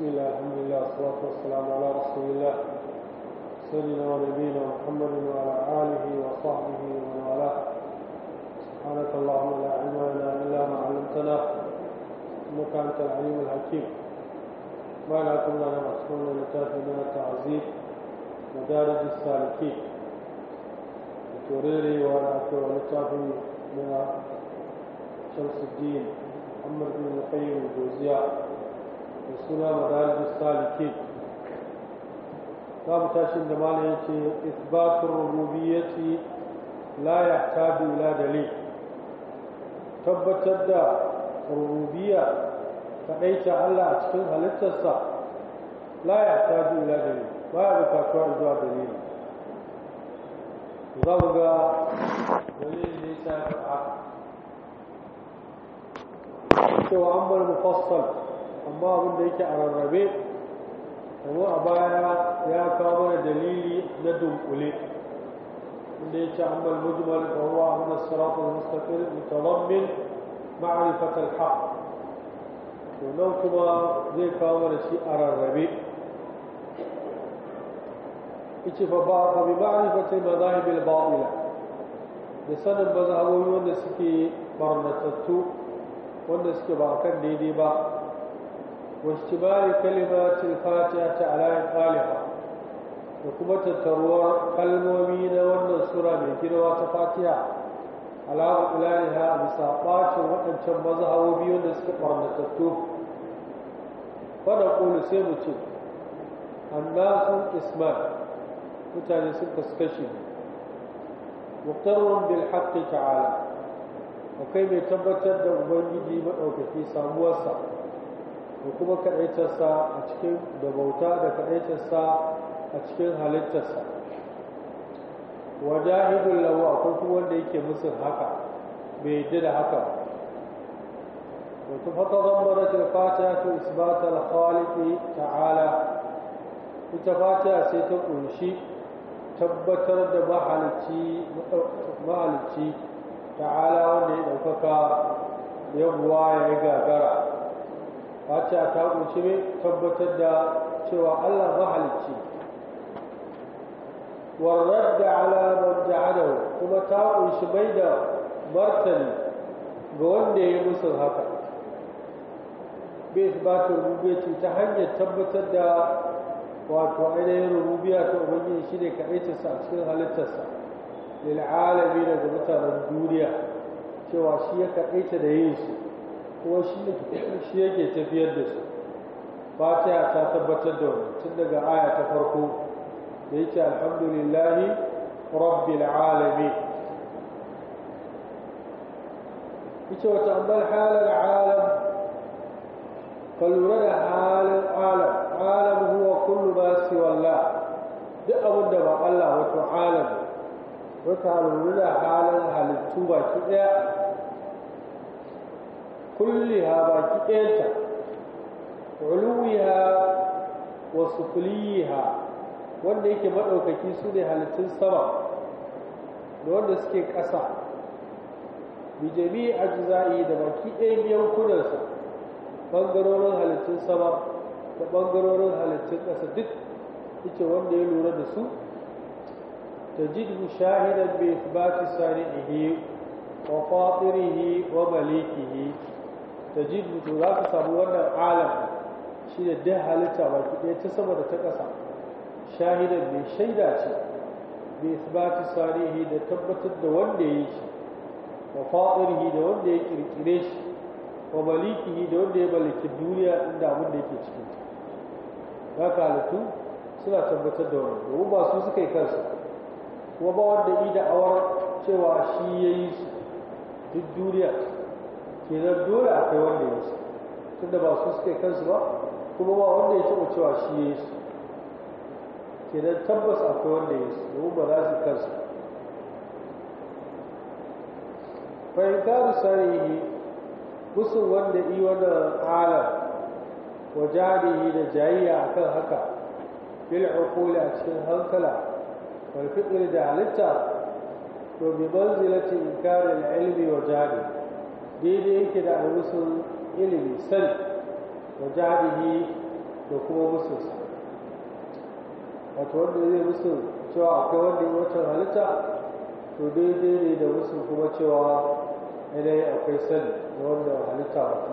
بسم الله الحمد لله والصلاة والسلام على رسول الله سيدنا ونبينا محمد وعلى آله وصحبه ومن والاه سبحانك اللهم لا علم لنا إلا ما علمتنا إنك أنت العليم الحكيم ما لا كنا مسؤول لتاف من التعذيب مدارج السالكين التوريري وأنا لتاف من شمس الدين محمد بن القيم الجوزياء mai suna madarijin salike babu tashin da malam ya ce isbatun rububiyyati la ya tabi la dalil tabbatar da rububiyya kaɗaita Allah a cikin halittarsa laya ta tabi la dalil ba ya bukatuwa zuwa dalili za mu ga dalilin ne sa ya cewa an bar mufassal amma abin da yake a rarrabe kuma a baya ya kawo mana dalili na dunkule inda ya ce amma mujmal fa huwa ahmad as-sirat al-mustaqim mutadammin to nan kuma zai kawo mana shi a rarrabe yace fa ba fa bi ma'rifati madahib al-batila da sanin mazhabobi wanda suke barnatattu wanda suke ba kan daidai ba واجتبار كلمة الفاتحة على إقالها وكما تتروى كالمؤمنين والنصورة من كلمة الفاتحة على إقلالها مساقات وأن تمزها وبيون استقرار التتوب فنقول سيمتي الناس اسمان متعني سنكسكشي مقتر بالحق تعالى وكيف يتبتد أبنجي مأوكتي ساموسا da kuma kaɗaitarsa a cikin da bauta da kaɗaitarsa a cikin halittarsa Waje jahidun lawa akwai kuma wanda yake musu haka bai yi da haka ba to fa tazammarat al-fatiha isbat al ta ta'ala ita fata sai ta ƙunshi tabbatar da mahalicci ta ta'ala wanda ya ɗaukaka yabuwa ya yi gagara fatiha ta kunshi mai tabbatar da cewa Allah mahalicci warar da alamar ja'adahu kuma ta kunshi mai da martani ga wanda ya yi musu haka bai ba ta rububiyaci ta hanyar tabbatar da wato ainihin rubuya ta ubangiji shi ne kaɗaitarsa a cikin halittarsa lil'alami daga mutanen duniya cewa shi ya kaɗaita da yin shi kuwa shi yake tafiyar da su fatiha ta tabbatar da wani tun daga aya ta farko da yake alhamdulillahi rabbil alamin ita wata ambar halar alam ka lura da halin alam alam huwa kullu su walla. duk abin da ba Allah wato alam wata lura da halin halittu baki ɗaya. kulliha baki ɗayanta uluwiha wanda yake maɗaukaki su ne halittun sama da wanda suke ƙasa bijami a jiza'i da baki ɗayan yankunansa ɓangarorin halittun sama da ɓangarorin halittun ƙasa duk ita wanda ya lura da su ta jidhu shahidan bai fi ba ta sari'ihi wa fatirihi wa malikihi tajidu to za ka samu wannan alam shi da duk halitta ki ɗaya ta sama da ta ƙasa shahidan mai shaida ce bi isbati sarihi da tabbatar da wanda ya yi shi wa fa'irhi da wanda ya kirkire shi wa malikihi da wanda ya mallaki duniya inda abin da yake cikin ta ka halittu suna tabbatar da wannan domin ba su suka yi kansu kuma ba wanda yi awar cewa shi ya yi su duk duniya kenan dole a kai wanda ya su tunda ba su suke kansu ba kuma ba wanda ya taɓa cewa shi ya su kenan tabbas a kai wanda ya su domin ba za su kansu fahimtaru sarihi musu wanda yi wannan alam wa jarihi da jayayya akan haka bil hukuli a cikin hankala wal fitri da halitta to bi manzilati inkari al ilmi wa jarihi daidai yake da alwusun ilimin sani da jabihi da kuma musulsa wato wanda zai musul cewa akwai wanda yi wata halitta to daidai ne da musul kuma cewa yanayi akwai sani da wanda halitta ba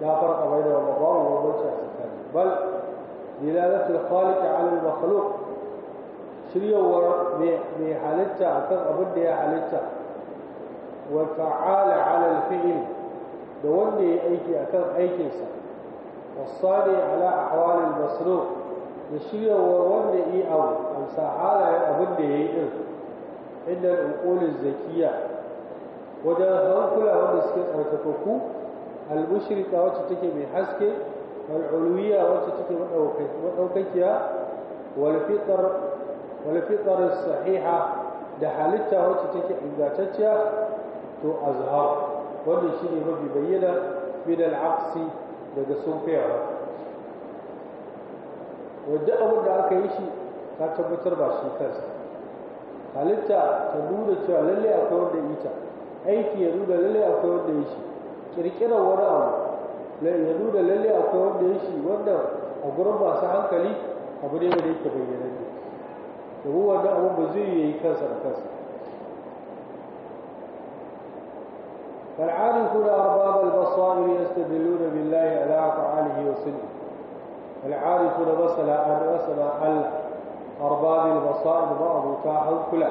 ta ya fara bai da wanda ba mu wabanci a tsakani bal lila na tulfali ta alin makhluk shiryowar mai halitta akan abin da ya halitta wa ta'ala ala al-fi'l da wanda ya aiki akan aikinsa wasani ala ahwal al-masruq da shiryawa wanda yi abu amsa halayen abin da yayi din inda al-uqulul zakiya wajen hankula wanda suke tsarkakaku al-mushrika wacce take mai haske والعلوية وتتكي وتوكيها sahiha da halitta دحالتها take ingantacciya. to azhar wannan shi ne mafi bayyana min al'aqsi daga sunfiyawa wanda abin da aka yi shi ta tabbatar ba shi kansa halitta ta nuna cewa lalle akwai wanda yi ta aiki ya nuna lalle akwai wanda yi shi kirkirar wani abu ya nuna lalle akwai wanda yi shi wannan a gurin masu hankali abu ne da yake bayyana ne domin wannan abin ba zai yi kansa da kansa فالعارفون أرباب البصائر يستدلون بالله على أفعاله وسنه العارفون مثلا أرسل أرباب البصائر بعض كاحل كلا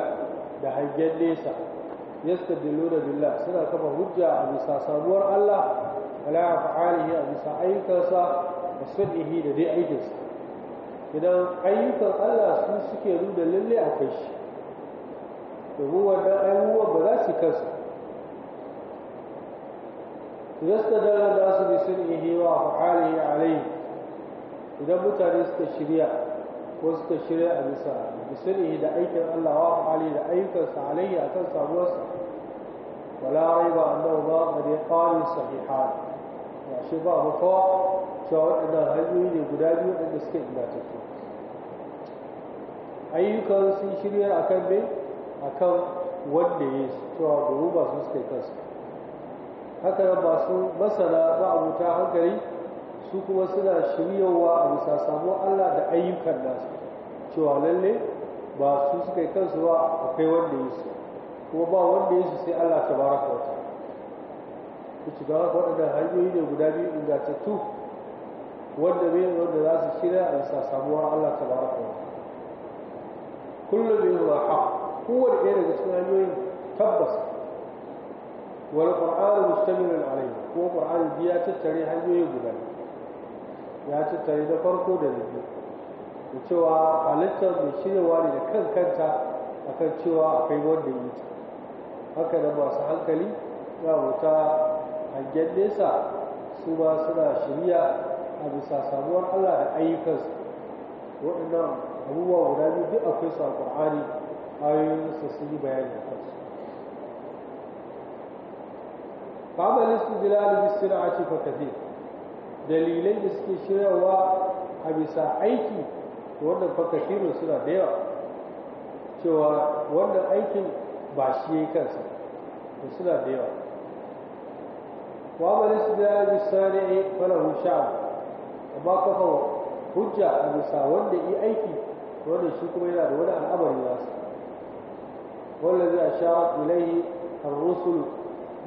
دهجا ليسا يستدلون بالله سنة كما هجا أبسا سامور الله على أفعاله أبسا أيكسا وسنه لدي أيكسا إذا أيك الله سنسكي رود للي أكش وهو أنه هو بلا سكسر يستدل الناس بسنه وأفعاله عليه إذا متى استشريع واستشريع بسا بسنه دا أيكن الله وأفعاله دا أيكن عليه أتنسى موسى ولا ريب أنهما طريقان صحيحان يعني شبه مفاق cewa waɗannan hanyoyi ne guda biyu waɗanda suka ingantattu ayyukan sun shirya a kan ne a haka nan su masana ba abuta hankali su kuma suna shiryawa a bisa samu Allah da ayyukan nasu cewa lalle ba su suka yi kansu ba akwai wanda yi su kuma ba wanda yi su sai Allah ta baraka wata ku ci gaba waɗanda hanyoyi ne guda biyu ingantattu wanda bai wanda za su shirya a bisa samuwar Allah ta baraka kawata kullum yin kowane ɗaya daga cikin hanyoyin tabbas wal qur'anu mustamilun ko kuma biyu ya tattare hanyoyi guda ya tattare da farko da na biyu da cewa halittar mai shiryawa ne da kan kanta akan cewa akwai wanda yi ta haka da masu hankali za mu hangen nesa su ba suna shirya a bisa samuwar Allah da ayyukansu waɗannan abubuwa guda biyu duk akwai su a ƙur'ani ayoyin sun yi a kansu قام الاستدلال بالصناعة a دليلين aiki وحبسا أيكي وانا فكثير da ديوة cewa wannan aikin ba shi ya yi kansa da suna da yawa wa bari su da bisani a falahu sha'an amma kafa hujja a bisa wanda yi aiki wanda shi kuma yana da wani al'amari nasa wanda zai sha rusul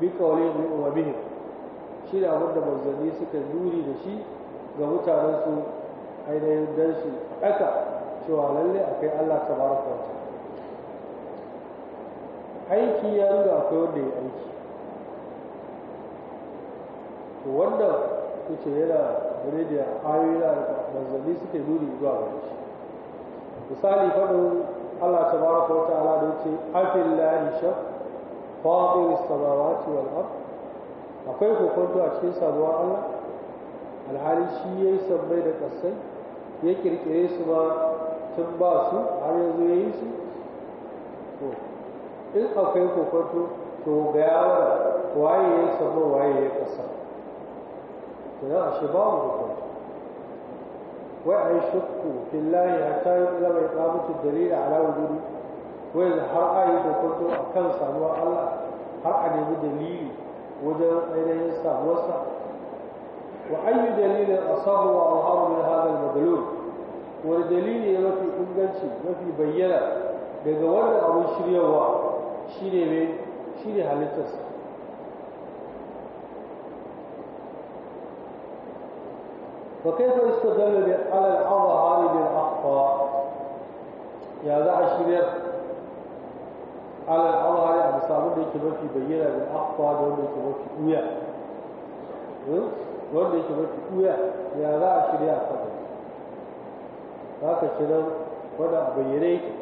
bikawali ya wa bihin shi da abin da manzanni suka juri da shi ga mutanen su ainihin don su aka cewa lalle akwai Allah ta wa wata. aiki ya nuna akwai wanda ya aiki wanda wannan kuce yana gare da ayoyi da manzanni suka juri zuwa ga shi misali faɗin Allah ta tabaraka wa ala da afin afillahi shafi fadir samawati wal ard akwai kokonto a cikin sabuwar Allah alhali shi yayi sabbai da kasai ya kirkire su ba tun ba su har yanzu yayi su to in akwai kokonto to ga yawa waye ya sabba waye ya kasa to na ashe babu kokonto wai ai shukku billahi hatta yuqlama iqamatu dalilin ala wujudi wanda har a yi kokoto a kan samuwar Allah har a nemi dalili wajen ainihin samuwarsa wa ayi dalilin asahu wa al'amu min hadal magalun wani dalili ne mafi inganci mafi bayyana daga wannan abin shiryawa shine mai shine halittarsa وكيف يستدل على العظهر بالأخطاء يا ذا الشرير alal awali a misalin da yake mafi bayyana da akwa da wanda yake mafi uya hmm? wanda yake mafi uya ya za a shirya a kan za ka ci nan wanda a bayyana yake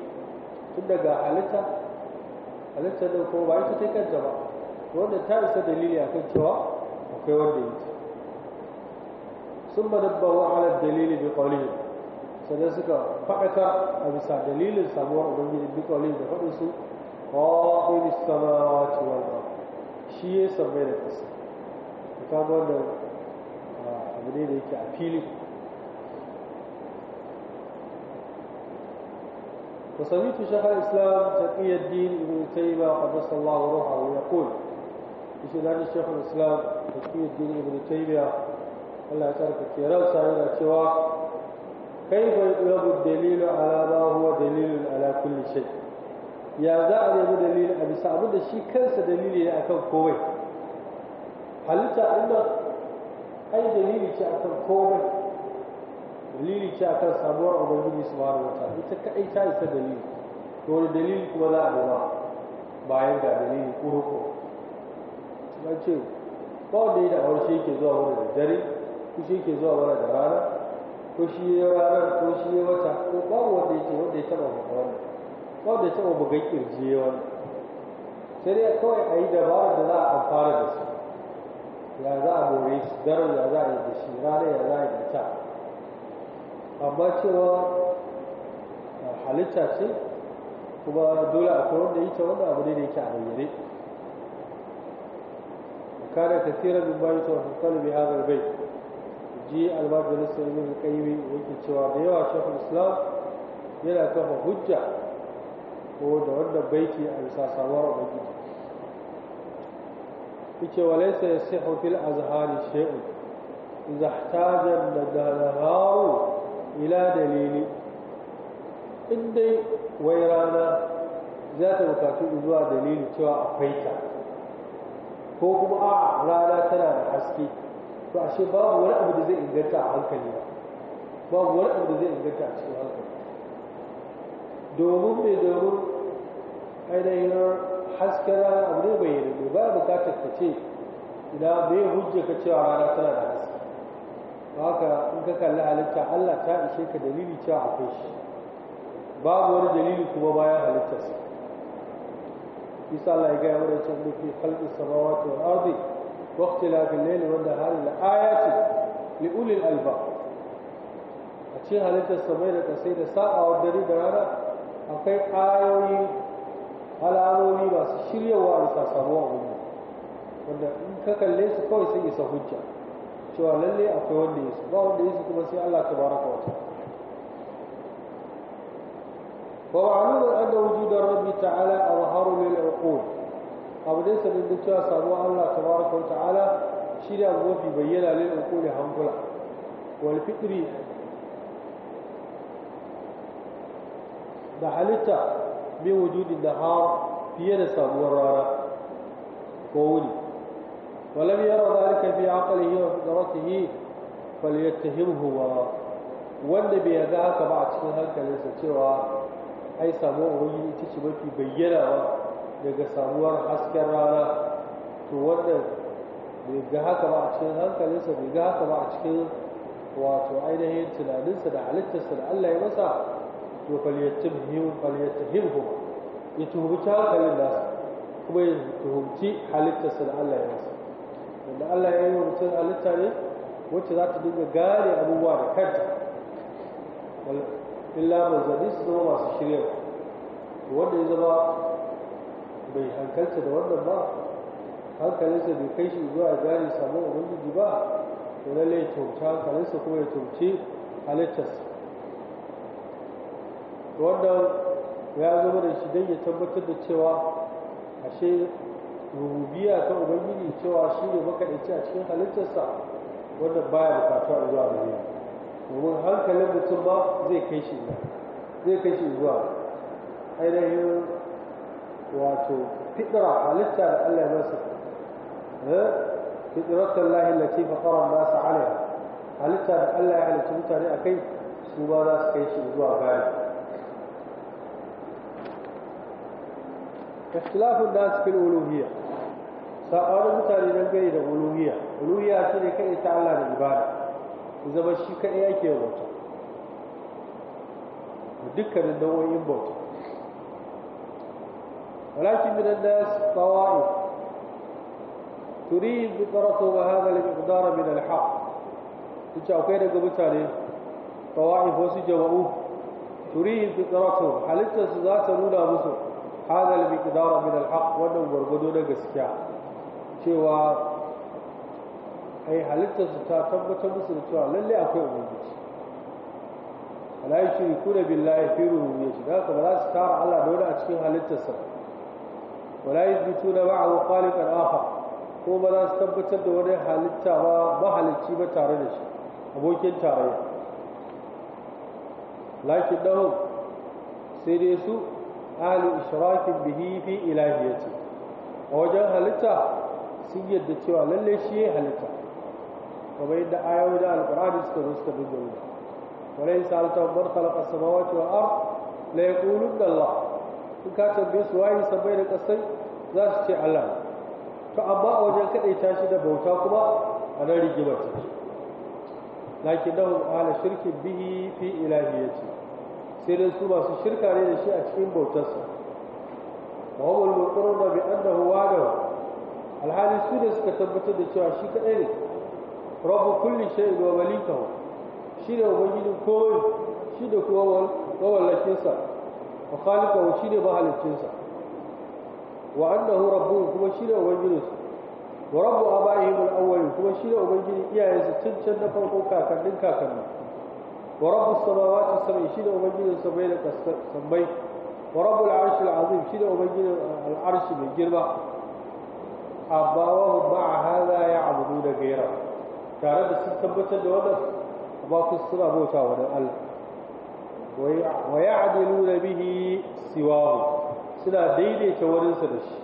tun daga halitta halitta da kuma ba ita ta kanta ba wanda ta isa dalili akan cewa akwai wanda yake sun madabbawa ala dalili bi qawlihi sannan suka faɗaka a bisa dalilin samuwar ubangiji bi qawlihi da faɗin su قائل السماوات والأرض شيء ya sabai da ƙasa ta kama wannan وسميت شيخ الإسلام تقي الدين ابن تيمية قدس الله روحه يقول يشهد الشيخ الإسلام تقي الدين ابن تيمية الله تعرف كيران سعيد كيف يقلب الدليل على ما هو دليل على كل شيء ya za a nemi dalili a bisa abin da shi kansa dalili ne akan komai halitta Allah ai dalili ce akan komai dalili ce akan samuwar ubangiji su wa wata ita kai ta isa dalili to wani dalili kuma za a nema bayan ga dalili kuruku ba ce ba wanda ya da shi yake zuwa wani da dare ko shi yake zuwa wani da rana ko shi ya rana ko shi ya wata ko ba wanda yake wanda ya taba wani Kada da taɓa bugan ƙirji sai dai kawai a yi dabarar da za a amfana da su ya za a more su daro ya za a yi da ra ne ya za a yi da ta amma cewa eh, halitta ce kuma dole a kuma wanda ita wanda abu ne da yake a bayyane kare ka tsira da bayan ta wata kwallo bai hazar bai ji albajin nasarar yin kaiwi da yake cewa da yawa shafin islam yana kafa hujja ko da wanda baiti a bisa sabuwar ubangiji yace walaysa yasihu fil azhari shay'un idza ihtaja al-dahar ila dalili in dai wai rana za ta bukatu zuwa dalili cewa akwai ta ko kuma a rana tana da haske to ashe babu wani abu da zai inganta a hankali ba babu wani abu da zai inganta a cikin hankali domin mai domin ainihin haskara abu ne bai yi ba bukatar ka ce idan bai hujja ka cewa rana tana da haske haka in ka kalli halitta Allah ta ishe ka dalili cewa akwai shi babu wani dalili kuma bayan sa. isa Allah ya gaya mana cewa fi sama wato wal ardi wa ikhtilafi ne wanda halin da aya ce li ulil alba a cikin halittar samai da kasai da sa'a wa dare da rana akwai ayoyi alamomi su shiryawa a bisa samuwa gudu wanda in ka kalle su kawai sun isa hujja cewa lalle akwai wanda ya su ba wanda ya su kuma sai Allah ta baraka wata wa ma'alumin an da wujudar rabbi ta'ala a waharu lil uqul abu dai sanin da cewa samuwa Allah ta baraka wata ala shi da mafi bayyana lil uqul hankula wal fitri da halitta min wujudin da har fiye da samuwar rana ko wuni walam yara zalika fi aqlihi wa fitratihi falyattahimhu wa wanda bai yarda haka ba a cikin hankalinsa cewa ai samuwar wuni ita ce mafi bayyana ba daga samuwar hasken rana to wanda bai ga haka ba a cikin hankalinsa bai ga haka ba a cikin wato ainihin tunaninsa da halittarsa da Allah ya masa to falyatim hiu falyatihimhu ya ta hankalin nasa kuma ya tuhumci halittarsa da Allah ya nasa wanda Allah ya yi wa mutum halitta ne wacce za ta dinga gane abubuwa da kanta illa zane su zama masu shirya wanda ya zama bai hankalta da wannan ba hankalinsa bai kai shi zuwa gane samun ubangiji ba Wani laifin ya hankalinsa kuma ya tuhumci halittarsa wannan ya zama da shi don ya tabbatar da cewa ashe rububiya ta ubangiji cewa shi ne makaɗaici a cikin halittarsa wanda baya a zuwa gare domin hankalin mutum ba zai kai shi zai kai shi zuwa ainihin wato fitira halitta da Allah ya masa eh, fitratan lahi lati faqara nas alaiha halitta da Allah ya halitta mutane akai su ba za su kai shi zuwa gari ikhtilafun nas fil uluhiyya sabanin mutane dangane da uluhiyya uluhiyya shine kai ta Allah da ibada zama shi kai yake bauta dukkanin nau'o'in bauta ولكن من الناس طوائف تريد بطرتهم هذا المقدار من الحق تجي akwai daga mutane طوائف wasu jama'u تريد بطرتهم halittarsu za ta nuna musu hada al-miqdar min al-haq wannan gurgudu gaskiya cewa ai halittar su ta tabbatar musu da cewa lalle akwai ubangiji ala yushriku da billahi fi rububiyyati da haka ba za su tara Allah da wani a cikin halittarsa wala yuthbituna ma'ahu khaliqan akhar ko ba za su tabbatar da wani halitta ba ba halicci ba tare da shi abokin tarayya lakin dahu sai dai su ahli ishrakin bihi fi ilahiyati a wajen halitta sun yadda cewa lalle shi ya halitta kuma yadda ayoyi da alqur'ani suka zo suka dogara walai salta bar khalaqa samawati wal ard la yaquluna Allah in ka tambaye su wayi sabai da kasai za su ce Allah to amma a wajen kadai tashi da bauta kuma a nan rigimar take lakinnahum ala shirkin bihi fi ilahiyati sai dai su masu shirka ne da shi a cikin bautarsa wa hum al-muqarrabun bi da wahdahu alhali su ne suka tabbatar da cewa shi kaɗai ne rabu kulli shay'in wa malikahu shi ne ubangijin kowai shi da kuma mawallakin A wa shi ne wa an da hura buru kuma shi ne ubangijin sa wa rabbu yi al-awwalin kuma shi ne ubangijin iyayensa cancan na farko kakannin kakannin. wa rabbus samawati was shi da ubangijin sabai da sabai wa rabbul arshil azim shi da ubangijin al'arshi mai girma abawahu ma'a hadha ya'budu da gaira tare da sun tabbatar da wannan ba suna bauta wa Allah wa ya'diluna bihi siwahu suna daidaita wurinsa da shi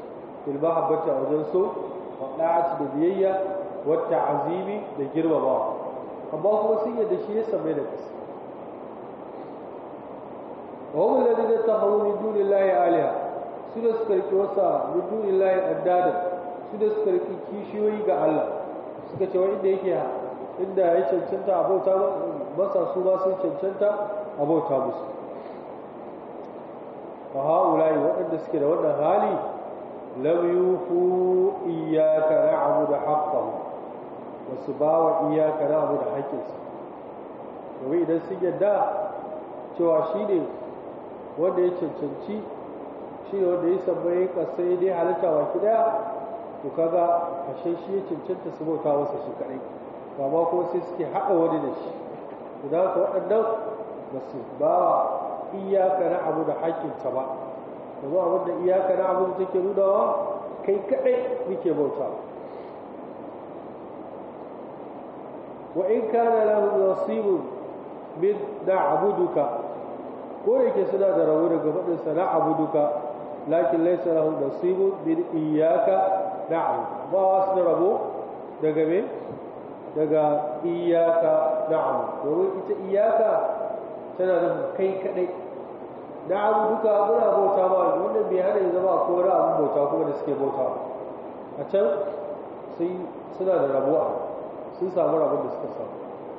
bil mahabbati a da biyayya ta'azimi da girmamawa amma kuma sun yadda shi ya same da وهم الذين اتخذوا من دون الله آلهة سيدا سكركي وسا من دون الله أدادا سيدا سكركي كيشيوي غا الله suka ce wanda yake inda ya cancanta abota masa su sun cancanta abota musu wa haula'i waɗanda suke da wannan hali lam yufu iyyaka na'budu haqqahu wasu bawa iyyaka na'budu haqqinsa domin idan sun yadda cewa shi ne wanda ya cancanci shi ne wanda ya samu kasai dai halitta wa daya to kaga ashe shi ya cancanta su bauta wasu shi kadai amma ko sai suke haɗa wani da shi to da haka waɗannan ba su ba wa iyaka na abu da hakinta ba da abin da iyaka na abu da take nunawa kai kadai muke bauta wa in kana lahu nasibun min abuduka ko da yake suna da rabu daga faɗin sana abuduka lakin laisa lahu nasibu min iyyaka na'am ba wasu da rabo daga me daga iyaka na'am domin ita iyaka tana da kai kadai na'am duka muna bauta ba wannan bai hana ya zama ko wani abu bauta kuma da suke bauta a can sai suna da rabuwa sun samu rabu da suka samu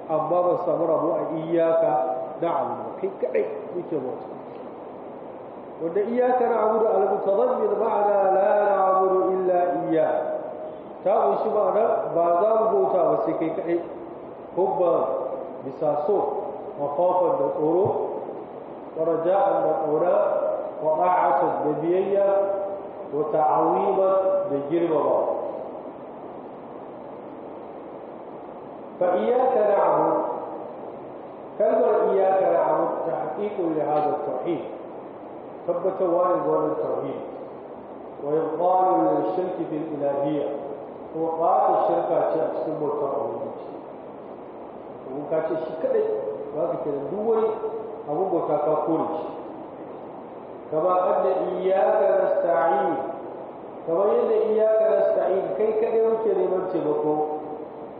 amma ba su samu rabo a iyaka نعم وكي كعي يتبوت وإن إياك نعبد المتضمن معنا لا نعبد إلا إياه تعالوا شمعنا بعضان بوتا وسكي كعي حبا بساسو مخافا نطورو ورجاء نطورا وأعطى النبيية وتعويما بجرم الله فإياك نعبد كلمة إياك نعبد تحقيق لهذا التوحيد ثبت وارد وارد التوحيد وإبطال من الشرك في الإلهية وقات الشركة تسمى التوحيد وقات الشركة وقت الدول أبو بكاكا كولش كما قد إياك نستعين كما يد إياك نستعين كي كده وكده من تبقى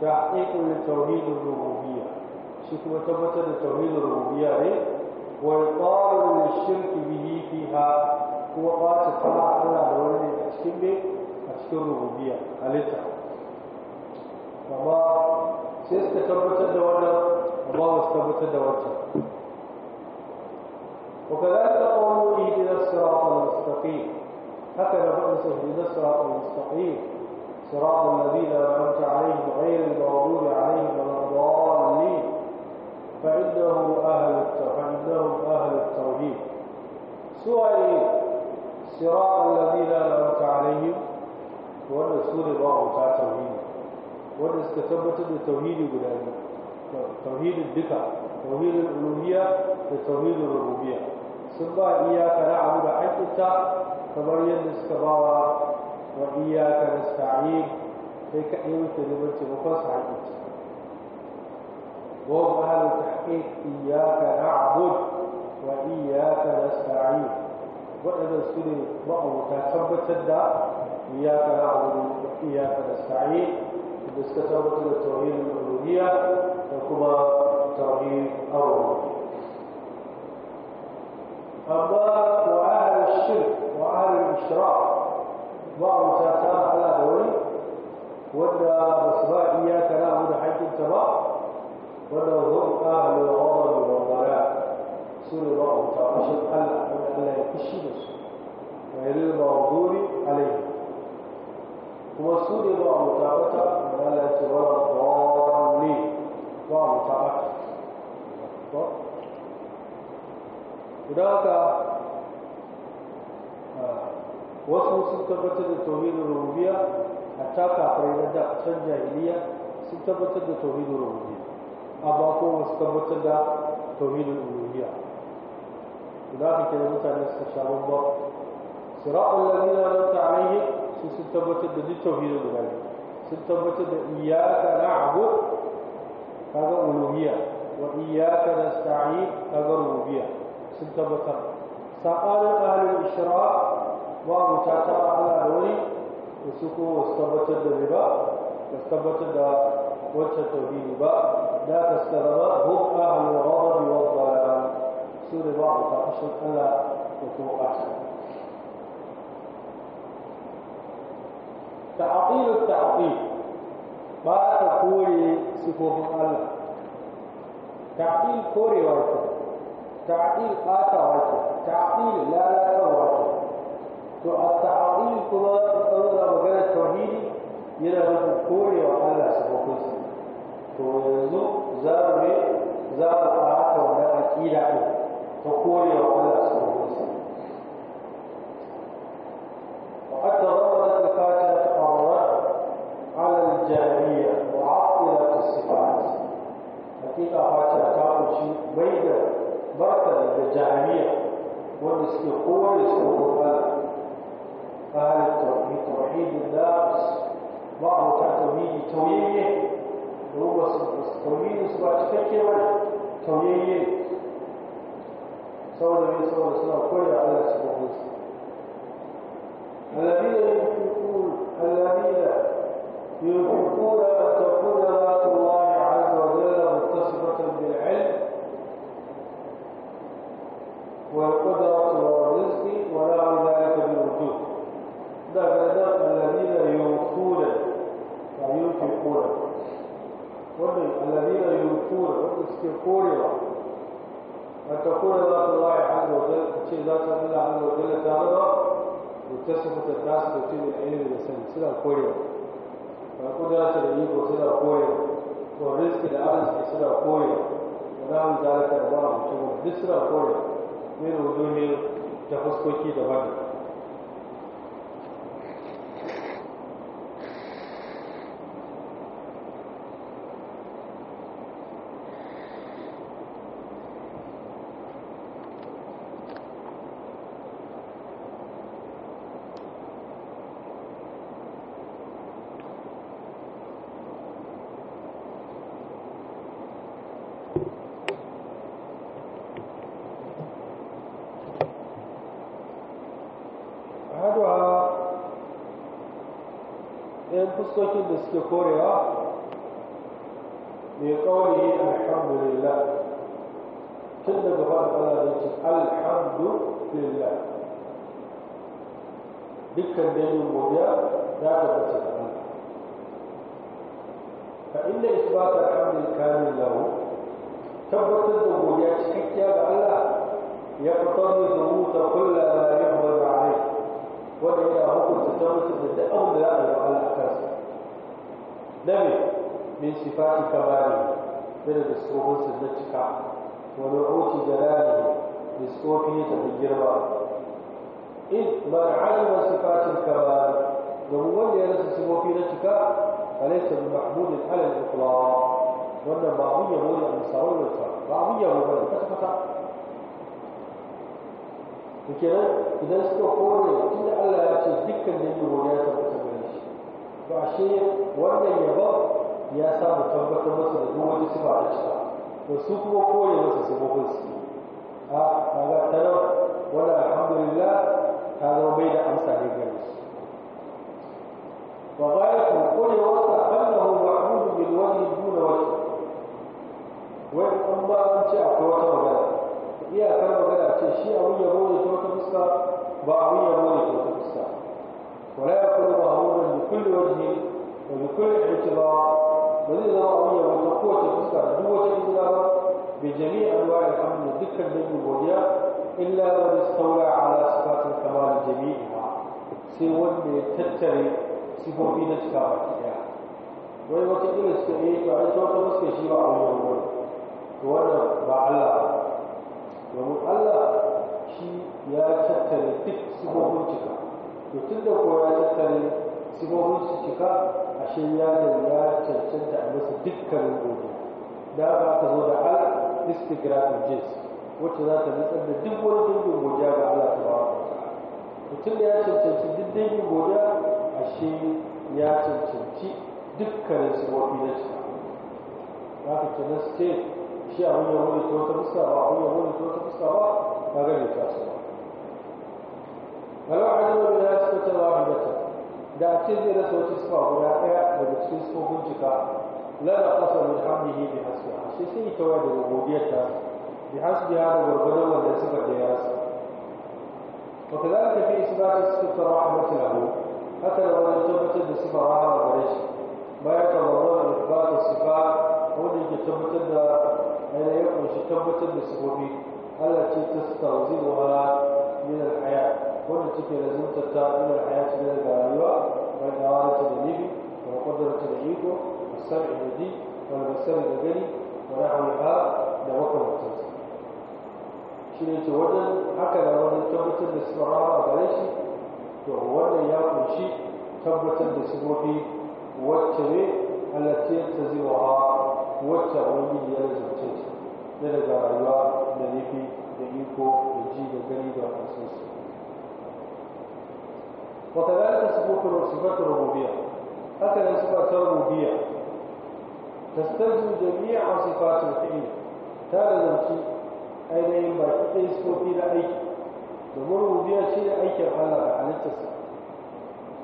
تحقيق للتوحيد الربوبيه الشيخ مثبت لتوحيد الربوبية وإطالة من الشرك به فيها هو قال قاتل طلع على دولة الأسكن بأسكن الربوبية عليك الله سيست تثبت الدولة الله استثبت الدولة وكذلك قوله إهدنا الصراط المستقيم هكذا بأنس إهدنا الصراط المستقيم صراط الذين أنعمت عليهم غير المغضوب عليهم ولا الضالين فإنهم أهل فإنهم أهل التوحيد سورة صراط الذين أنعمت عليهم وأن سورة باعوا توحيد وأن استثبت التوحيد قدامي توحيد الدكا توحيد الألوهية وتوحيد الربوبية سبا إياك نعبد حقك كمريم استبارة وإياك نستعين هيك أيوة كلمة مقاس حقك وهو تحقيق إياك نعبد وإياك نستعين وإذا سني مأوتا ثبت دا إياك نعبد وإياك نستعين إذا استثبت التوحيد الألوهية وكما توحيد الربوبية أما وأهل الشرك وأهل الإشراك مأوتا على دوري وإذا بس إياك نعبد حيث انتبه wannan wani ƙahalin rawar da wadara su ne ba a wuta a wani allah ya fi da su mai rin a gori alai kuma su ne ba a wuta wata da allah ya wani rawar ne ba a wuta ba idan haka wasu sun tabbatar da tohidin rubiya a taka fa'idar da a can jahiliya sun tabbatar da tohidin rubiya amma ko wasu tabbatar da tauhidul uluhiyya idan ka kira mutane su sha babba siratul ladina an'amta alaihim su sun tabbatar da duk tauhidul uluhiyya sun tabbatar da iyyaka na'budu kaga uluhiyya wa iyyaka nasta'in kaga rububiyya sun tabbatar sabanin ahlul ishraq wa mutata Allah da wani su ko wasu tabbatar da riba da tabbatar da wancan tauhidi ba لا تستغرق هم أهل الغضب والظلام سورة بعض فأشهد ألا وتو أحسن تعطيل التعطيل ما تقولي صفوف الله تعطيل كوري وجهه تعطيل آتا وجهه تعطيل لا لا وجهه to التعطيل كما تقولنا مجال التوحيد يلا كوري وقال سبوكوسي to yanzu za mu ne za mu fata wannan aƙida ne ta korewa Allah su musa وقد تضمنت الفاتحة أمران على الجاهلية وعطلت الصفات حقيقة فاتحة تقول شيء بين بركة الجاهلية والاستقوال استقوال أهل التوحيد توحيد الله بعض كتوحيد توحيده mu ba su tauhidi ba cikakke ba tauyayye saboda ba سجد السكور بقوله الحمد لله كل بغض الله الحمد لله بك الدين المبيع لا بسرعه فإن إثبات الحمد الكامل له ثبت المبيع شكيك يا بألا يقتضي ضغوط كل ما يقبل عليه ولإله هو تتمت أو لا يقال أكاسه nabi min sifati kamali yana da tsohonsa na cika wani rukuki jalali da tsofi ta da girma in man alima sifatin kamali domin wanda ya rasa sifofi na cika alaisa bi mahmudin alal ikhlas wannan ba abun yabo ne a misalin ba abun Allah ya ce dukkan yi ya tabbata to shi wannan yabon ya samu tabbatar musu da duk wani sifa ta cika to su kuma koya musu sifofin su a kaga ta nan wani alhamdulillah ta zama bai da amsa ne gare su wa bayan kuma koya wasu annahu ma'budu bil wajhi duna wajhi wai an ba an ce akwai wata magana iyakar magana ce shi a wuyan ne ta wata fuska ba a wuyan ne ta wata fuska ولا يكون مهموما بكل وجه وبكل اعتبار بذي ذا أمي وتقوة تسكى دوة إلا بجميع أنواع الحمد ذكر بالنبودية إلا من استولى على صفات الكمال جميعها سوى اللي تتري سوى في نتكى وكذا wani wata irin suka yi to ai wata fuskar shi ba a wani wani to wannan ba Allah domin Allah shi ya tattara duk sifofin cika to tun da kowa ya tattare sifofin su cika a shirya da ya cancanta a masa dukkanin gobe da ba ka zo da ala instagram istigrafin jins wacce za ta nutsar da duk wani dangin godiya ga ala ta ba bawa tun da ya cancanci duk dangin a ashe ya cancanci dukkanin sifofi na cika za ka kenan su ce shi a wani yawon da ta wata fuska ba a wani yawon da ta wata fuska ba ka gani ta sama فوعدوا لا صفة واحدة دا تجي رسول تصفى ولا daga cikin tsohon jika lana kasa min hamdihi bi hasbi shi sai kawai daga godiyarta bi hasbi ya da gurgurdan wanda suka da ya sa wa kadalika fi isbat sifa rahmat lahu haka da wannan tabbatar da sifa rahama gare shi baya ka warwara isbat sifa wanda yake tabbatar da ayyana ya kunshi tabbatar da sifofi Allah ce ta stauzi wa min al-hayat wanda take da zuntarta ila hayati da rayuwa wa dawarata da nufi wa ta da iko wa sab'i da ji wa basar da gani wa na'amha da makamantar shi ne ce wajen haka da wani tabbatar da surawa a gare shi to wannan ya kunshi tabbatar da sigobi wacce ne alatiyar ta ziwa wacce wani ya zance shi na daga rayuwa da nifi da iko da ji da gani da wasu وكذلك صفات صفات الربوبيه هكذا صفات الربوبيه تستلزم جميع صفات الفعل تارة نفسي أي لا ينبغي أن يسقط إلى أي دمر ربوبيه شيء أي كفالة عن التسعير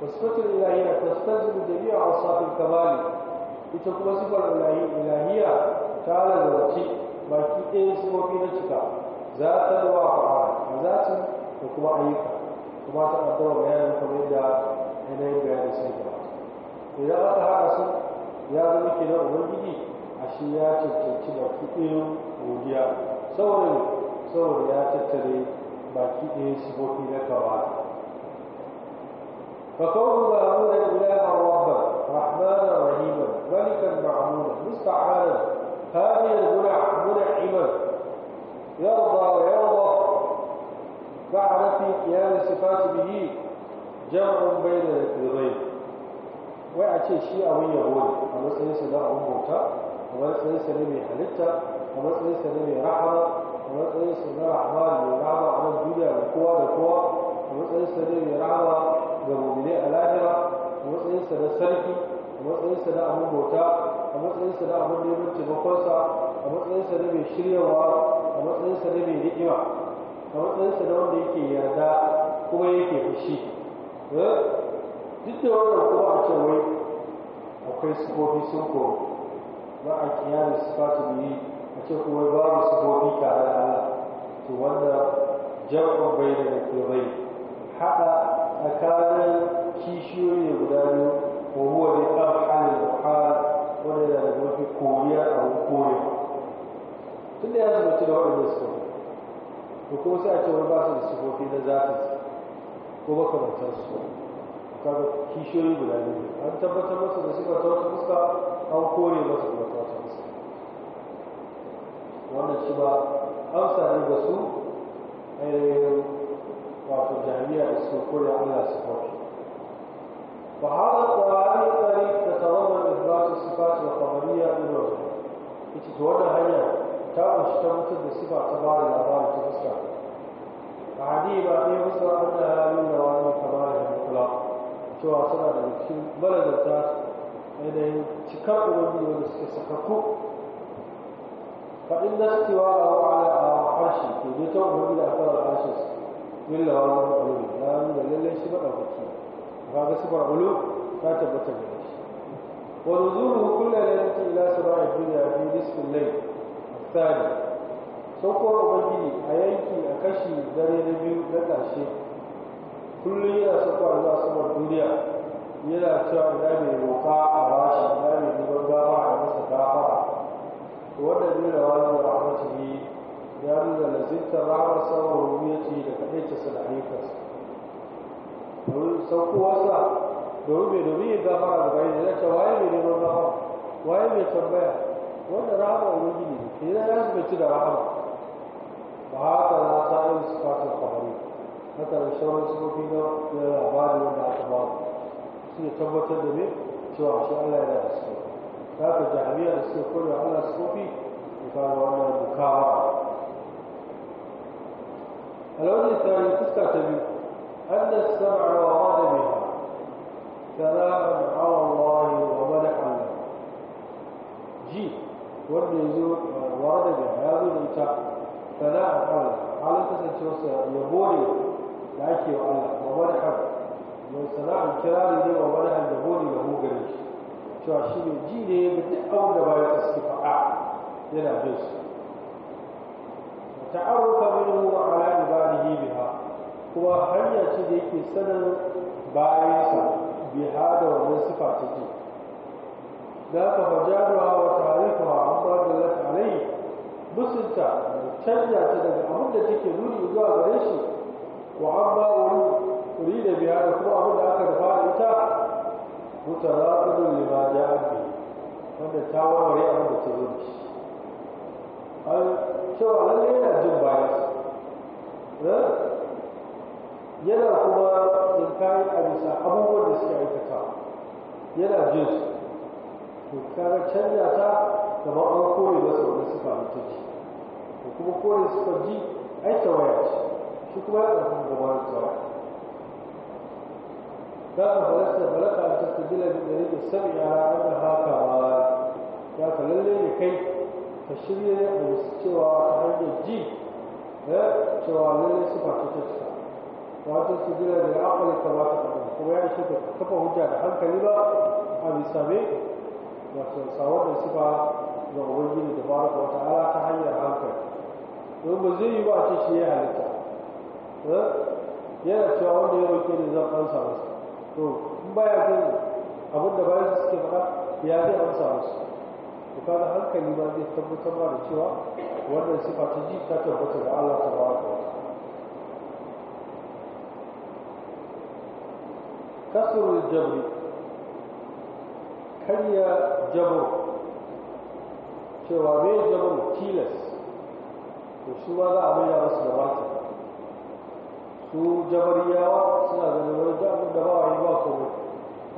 وصفة الإلهية تستلزم جميع أوصاف الكمال لتكون صفة الإلهية تعالى نفسي ما في أي سبب ذات الواقع ذات وكما أيها kuma ta ɗaukar bayanin kamar da yanayin bayanin sun gaba idan aka haɗa su ya zama ke na ubangiji a shi ya cancanci baki ɗaya godiya saboda saboda ya tattare baki ɗaya sifofi na kamata فكونه مأمونا إلها ربا رحمانا رحيما ملكا معمونا مستعانا هذه المنع منعما يرضى فعل في قيام الصفات به جمع بين الذين wai a ce shi abin yabo ne a matsayinsa na abin bauta a matsayinsa na mai halitta a matsayinsa na mai rahama a matsayinsa na rahama mai rahama a nan duniya da kowa da kowa a matsayinsa na mai rahama ga mummunai a lahira a matsayinsa na sarki a matsayinsa na abin bauta a matsayinsa na abin neman taimakonsa a matsayinsa na mai shiryawa a matsayinsa na mai ni'ima a matsayinsa da wanda yake yarda kuma yake fushi eh? duk da wannan kuma a ce wai akwai sufofi sun ko ba a kiyaye sufatu ne a ce kuma babu sufofi tare da Allah to wanda jama'a bai da bai haɗa tsakanin kishiyoyi guda biyu ko huwa da ɗan halin har wanda yana da mafi koriya a wani koriya tun da ya zama cewa waɗanda sufofi to kuma sai a ce wani ba su da sifofi na zafi ko makamantansu kaga kishiyoyi guda biyu an tabbatar masa da suka ta wata fuska an kore masa da wata wata fuska wannan shi ba amsa ne ga su ainihin wato jami'a da suka kore Allah sifofi فهذا القرآن الطريق تتضمن da الصفات الخبرية من وجهين. إيش تودى ta kunshi tabbatar da sifa ta ba da labari ta fuska a hadi ba ne musu wanda halin da wani kamar da kula cewa suna da cikin balaganta yanayin cikar ubangiji wanda suke sakakku fa'in da cewa a wa'ala a harshe to ne ta wani a kan harshe min da wani ulu ya yi nuna lallai shi maɗaukaki ba ga sifar ulu ta tabbatar da shi wa nuzuru kullu lailatin ila saba'i dunya a nisfil layl sani saukowar ubangiji a yanki a kashi dare na biyu na ƙarshe kullum yana sauko a zuwa saman duniya yana cewa ina mai roƙa a bashi ina mai zuban gafa a masa gafa wanda da wani rahmatihi ya nuna saman rahmar ya ce da kaɗaice ta da aikarsa domin saukowarsa domin mai domin ya gafara da bayan da ya ce waye mai neman gafa waye mai tambaya wanda rahama ubangiji إذا الناس بتجد رحمة وهكذا سائر صفات الخبرية مثلا شلون سوفينا من الأعمال والأعتبار سي تبت النبي شو عشان الله لا يسوي فهذا جميع السوفي على السوفي وقالوا أنا مكاوى الوجه الثاني تسكت أن السمع وأراد بها كلام على الله ومدح الله جيد والنزول warada da ya zo da ita a Allah halin kasancewarsa yabo ne da ake wa Allah wa wani abu mai a kira da ne wa wani abu da ne da mu gare shi cewa shi ne ji ne ga duk abin da bayan suke faɗa yana bin su ta'arruka minhu ala ibadihi biha kuma hanya ce da yake sanin sa biha da wannan sifa take da ka fajaruwa wa tarifuwa an ba da lafi alai musunta canja ta daga abin da take nuni zuwa gare shi wa amma wani kuri da biya da kuma abin da aka rufa ita mutu za ku zo ne ba da ake wanda ta warware abin da ta zo da shi an cewa lalle yana jin bayan su eh? yana kuma kayan a bisa abubuwan da suka aikata yana jin su to kaga canja ta kamar an kore masa wani suka mutu ji da kuma kore suka ji ai tawaya ce shi kuma ya ƙarfin gaba da tawaya za ka balasta balaka ta jila da da sabiya wanda haka ba ya ka lalle ne kai ka shirya a wasu cewa ta hanyar ji eh, cewa lalle suka ta ta cika wato su jira da akwai ba ta kama kuma ya shi ka kafa hujja da hankali ba a bisa ne wato sawar da ba ga ubangiji da fara ko ala ta hanyar hankali don ba zai yi ba a ce shi ya halitta eh? yana cewa wanda ya roƙe ne zan amsa masa to in baya gani abin da bayan suke faɗa ya zai amsa masa to kaga hankali ba zai tabbatar ba da cewa wannan sifa ta ji ta tabbata da Allah ta ba ta kasrul jabri karya jabr cewa bai jabar tilas to shi ba za a bayyana da su da wata su jabariyawa suna zama wani damar da ba a yi ba ne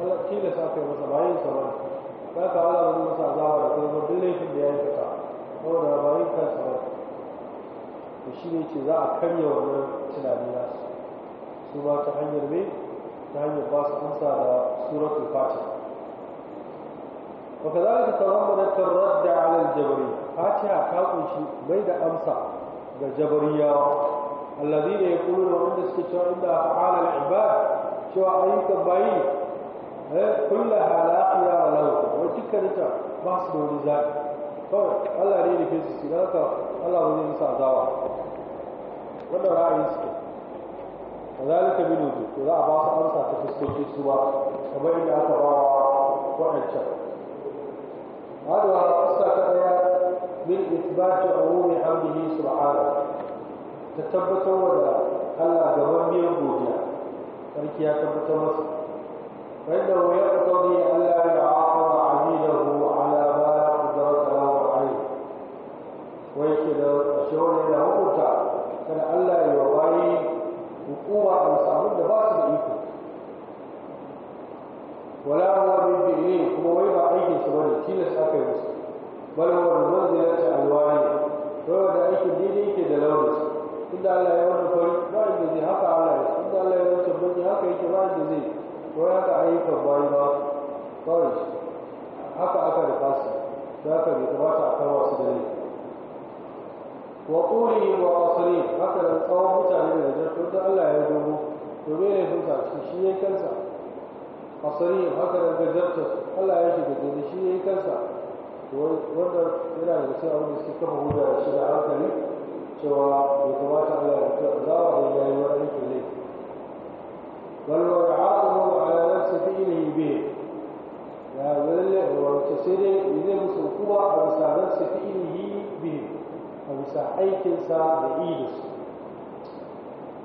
Allah tilas aka yi masa bayan sa ba ya ka ala wani masa azaba da kuma duk laifin da ya yi kasa da bayan kansa ba to shi ne ce za a karya wannan tunani nasu su ba ta hanyar ne ta hanyar ba su amsa da suratul fatiha وكذلك تضمنت الرد على الجبرية فاتحة كاكوشي ميد أمسى الجبرية الذين يقولون وعند استشعر إن أفعال العباد شو أيك بعيد كلها لا خيار له وتلك نتا بحث ونزاع الله ريني في السنة الله ريني نسع دعوة وانا رأي نسكت وذلك بالوجود وذا بعض أمسى تفسكي سوا وما إلا أتبع وعند شكرا وهذا قصة كبيرة من إثبات عموم حمده سبحانه تتبتوا ولا ألا دوام يرجوها فلك يا تبت مصر فإنه يقتضي ألا يعاقب عبيده على ما قدرت له عليه ويكد الشعور إلى حكمك كان ألا يوالي وقوة أن سعود باس الإيكو ولا هو من فعله هو ويبقى su da tilas aka yi musu bal huwa bi manzilati alwani rawa da ake dide yake da launin su inda Allah ya wani fari ba da zai haka Allah ya inda Allah ya wani baki haka yake ba da zai ko haka ayyukan bayi ba kawai haka aka rufa su da haka bai kamata a kawo su da ne wa quli wa qasri haka da tsawon mutane da zartar da Allah ya dubo to me ne sun sa shi kansa hatsari haka da gajarta Allah ya shiga da shi ya yi kansa wanda yana da sai abin da su kafa hujja da shi da hankali cewa bai kamata Allah ya ta zawa da ya yi wani aiki ne bal wa ya'amu ala nafsi fi'lihi bi ya zalle wa ta sai dai idan musu kuma a bisa nafsi fi'lihi bi a bisa aikinsa da idis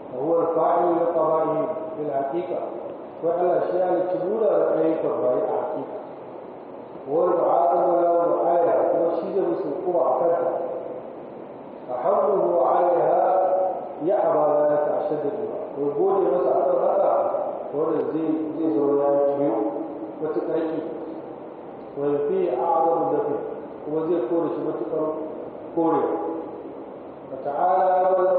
وهو الفاعل لقضائه في الحقيقه وعلى الأشياء كبيرة رأيك الرأي عقيدة والمعاقب له رعاية وشيدة بسوقوع كذا فحوله عليها يعبى لا يتعشد وقولي بس أكثر هذا ولا زي زي زولان كيو وتكريكي ويفي أعظم الدفع وزي كورش وتكر كوريا فتعالى بلغ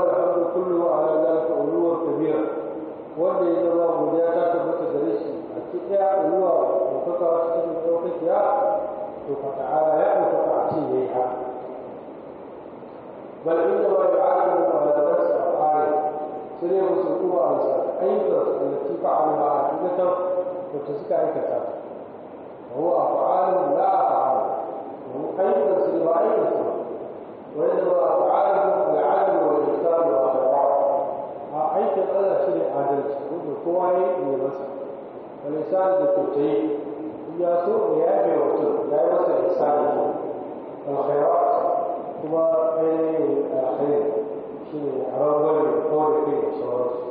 wanda ya zama godiya ta tabbata gare shi a cikin ya ruwa ɗaukaka wata cikin ɗaukakiya to fa ta'ala ya ɗaukaka a ce ya yi haka bal inda ma ya aka nuna da nasu a fare sai ne musu kuma a nasa ayyukan su da tuka a nuna a hakikatar wacce suka aikata wa a fa'alin la a fa'alin ayyukan su da ba ayyukan su ba wanda ba a fa'alin da al'adun wa da ta da a aikin Allah shi ne adalci wanda kowa ya yi masa wani misali da kuta yi ya so ya yi mutum ya yi masa isani da alkhairat kuma ainihin alkhair shi ne a rangwale da da ke da sauransu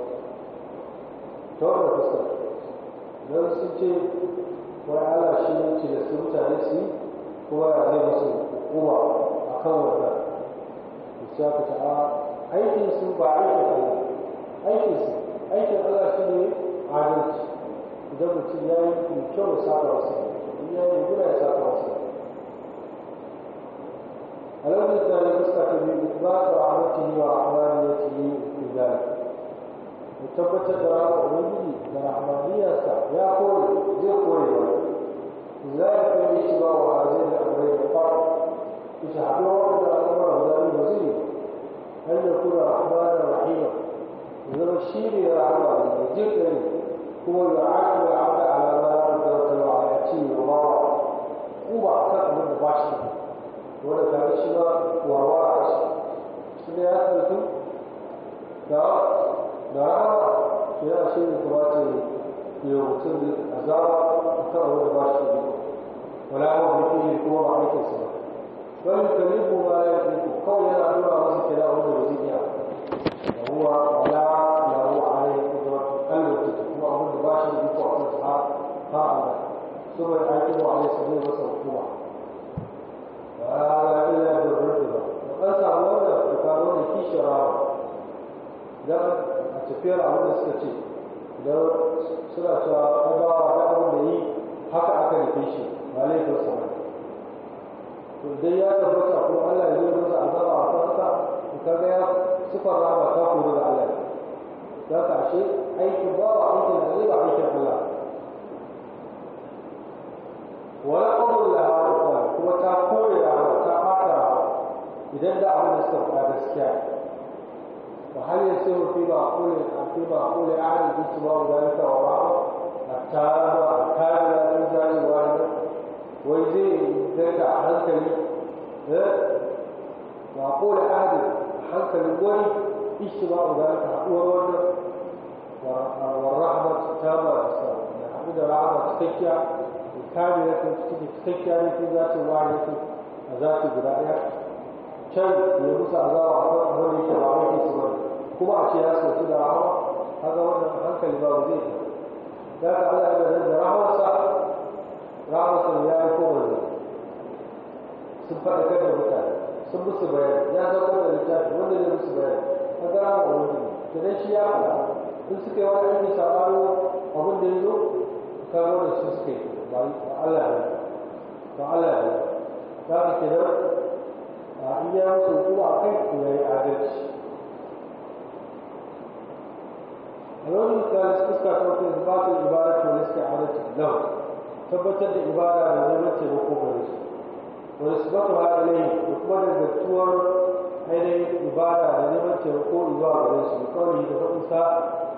ta wanda kusa, don su ce wai Allah shi ne ce da su mutane su kuma ya zai musu kuma a kan wannan. Bisa ta ta'a aikin su ba aikin Allah aikinsa aikin Allah shi ne adalci idan mutum ya yi mai kyau ya saba wasu in ya yi gura ya saba wasu alamun da ya fuska ta biyu ba ta amince wa amaliyyaci idan mu tabbatar da haka ubangiji da rahmaniyarsa ya kore zai kore ba za ya kore shi ba wa zai da amurai da fara ita haɗuwa wanda al'amura guda biyu ba zai yi hanyar kuna rahmanin rahimar يبشر العبد بذكر هو يعاقب العبد على ما رد ويأتيه الله وبعد كتب مباشر ولا تغشب وواعش إذا يأخذ دعاء دعاء يا شيء تباتي يغتب أزار وكتب مباشر ولا هو بكل قوة عليك السلام بل يكلمه ما يكلمه قول يا أبو الله مسك لا أرد وزيد وهو ثم يعاقب عليه سبيل وسوء فهذا إلا بالرجل وقد تعود a tafiyar abin da suka ce da yi haka aka nufi shi ba Allah ya yi a kansa to kaga ya da aikin Allah wala ƙwarar da hawa da kuma ta kore da hawa ta fata hawa idan da abin da suka fara gaskiya ba har ya sai mafi ba kore a fi ba kore a hannun kusa ba guda na tawawa a tara ba a kare da sun zari ba ne wai zai daga a hankali ba kore a hannun hankali wani ishtiba ba na haɗuwar wannan wa rahmat ta ba da haɗu da rahmat cikakkiya kare da kan cikin cikakkiyar rufi za ta ware su a za su guda ɗaya can ya musu azawa a kan abin da yake ba wani su bane kuma a ce ya su da rahama haka wannan hankali ba ba zai ya ka Allah ya da rahamarsa rahamarsa ya yi kowane sun faɗa kan da mutane sun musu bayani ya zama da littafi wanda ya musu bayani a gara ma wani kenan shi ya faɗa in suka yi wani aiki saɓanin abin da ya zo kawo da su suka yi Allah da a kuma a kai ku adalci a yau misali fuska ibada ta wani suke adalci da tabbatar da ibada da neman taimako gare su wani su ba ta haɗa ne da kuma da zartuwar ainihin ibada da neman taimako zuwa gare su kawai da faɗin sa'a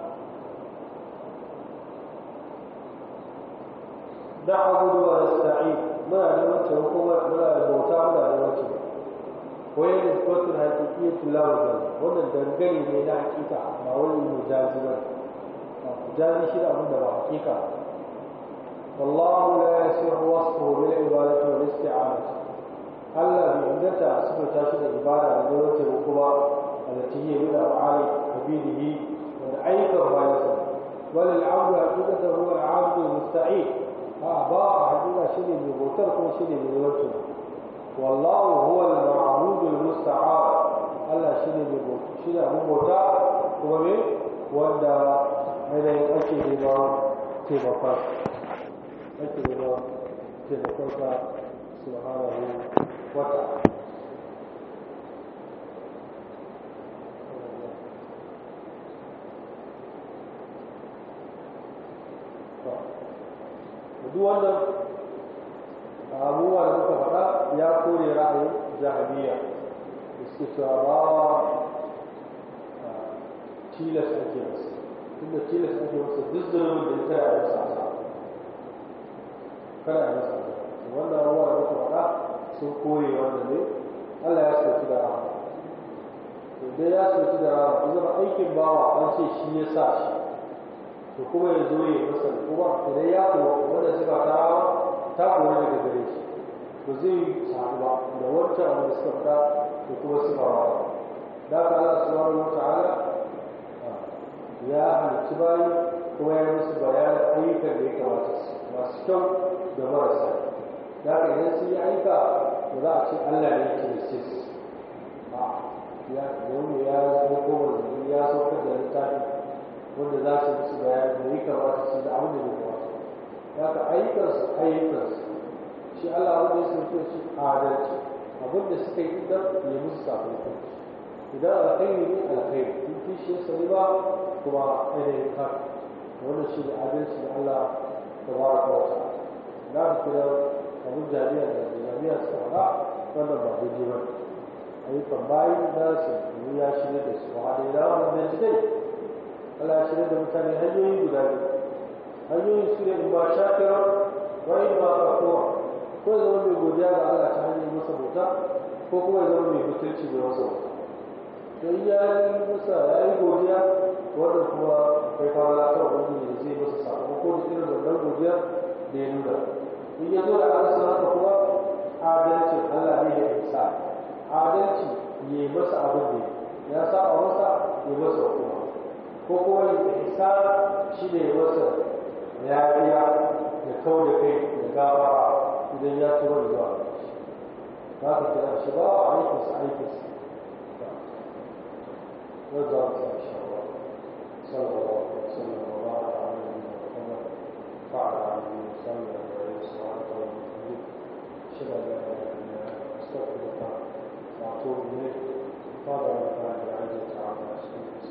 na abubuwa da sa'i muna da wata hukumar muna da bauta muna da wata koyar da sportin haƙiƙi ya tula wa gani wannan dangane ne na haƙiƙa ba wani mu jaji ba jaji shi da abin da ba haƙiƙa wallahu la ya sai ruwa su hori da ibadatu wani su ke amince allah bai inganta su ka tashi da ibada da gwamnati hukuma a da tiye wani abu ali da bidihi da ayyukan bayansa wani al'amura a tukata ruwan abu da musta'i a ba a hakika shi ne mai bautar kuma shi ne mai wato wallahu huwa al-ma'bud al-musta'an Allah shi ne mai bauta kuma ne wanda ake nema taimakon ake nema taimakon sa subhanahu duk wannan abubuwa da suka faɗa ya kore ra'ayin jahiliya istisaba ah, tilas ake masa tunda tilas ake masu duk da ya tara masa kada a sa wannan abubuwa da suka faɗa sun kore wanda ne Allah ya sauki da rawa. idan ya sauki da rahama zama aikin bawa an ce shi ya sa shi to kuma ya zo ya masa kuma dai ya kuma wanda suka ta ta kuwa daga gare shi to zai sadu ba da wancan wanda suka fita to kuma suka ba da ka Allah subhanahu wa ta'ala ya halicci bayi kuma ya musu bayanin ayyukan da ya kamata su masu kyau da marasa da ka idan sun yi aika da za a ce Allah ne ke ce su ya zo ya zo ko ya zo ka da littafi wanda za su su bayani da yi kamata su da abin da ya kamata ya ka ayyukansu su. shi Allah wanda ya sauke shi adalci abin da suka yi idan ya musu sakamakon idan alkhairi ne alkhairi in kishiyar sa ne ba kuma ainihin kan wannan shi da adalci da Allah ta ba ka wata na fi kira abin jami'a da jami'a su haɗa wannan ba daidai ba ayyukan bayi na su duniya shi ne da su haɗe na wannan da shi dai Allah ya shirya da mutane hanyoyi guda biyu hanyoyin su ne ba shakira yi ba kowa ko ya zama mai godiya ga Allah ta hanyar masa bauta ko kuma ya zama mai mutunci masa wasu don ya yi masa ya yi godiya wanda kuma kai fara lafiyar wani ne zai masa sakamako da irin wannan godiya da ya nuna in ya zo da arasa haka kuma adalci Allah ne ya isa adalci ya masa abin da ya sa a masa ya masa kuma ko kuma da isa shi ne masa yafiya da kau da kai da gafara idan ya tuba da zuwa ba ka kira shi ba a aikinsa aikinsa wanda za mu sa صلى الله وسلم وبارك على نبينا محمد وعلى اله وصحبه اجمعين الصلاه والسلام اشهد ان لا اله الا انت استغفرك واتوب اليك قال تعالى عز وجل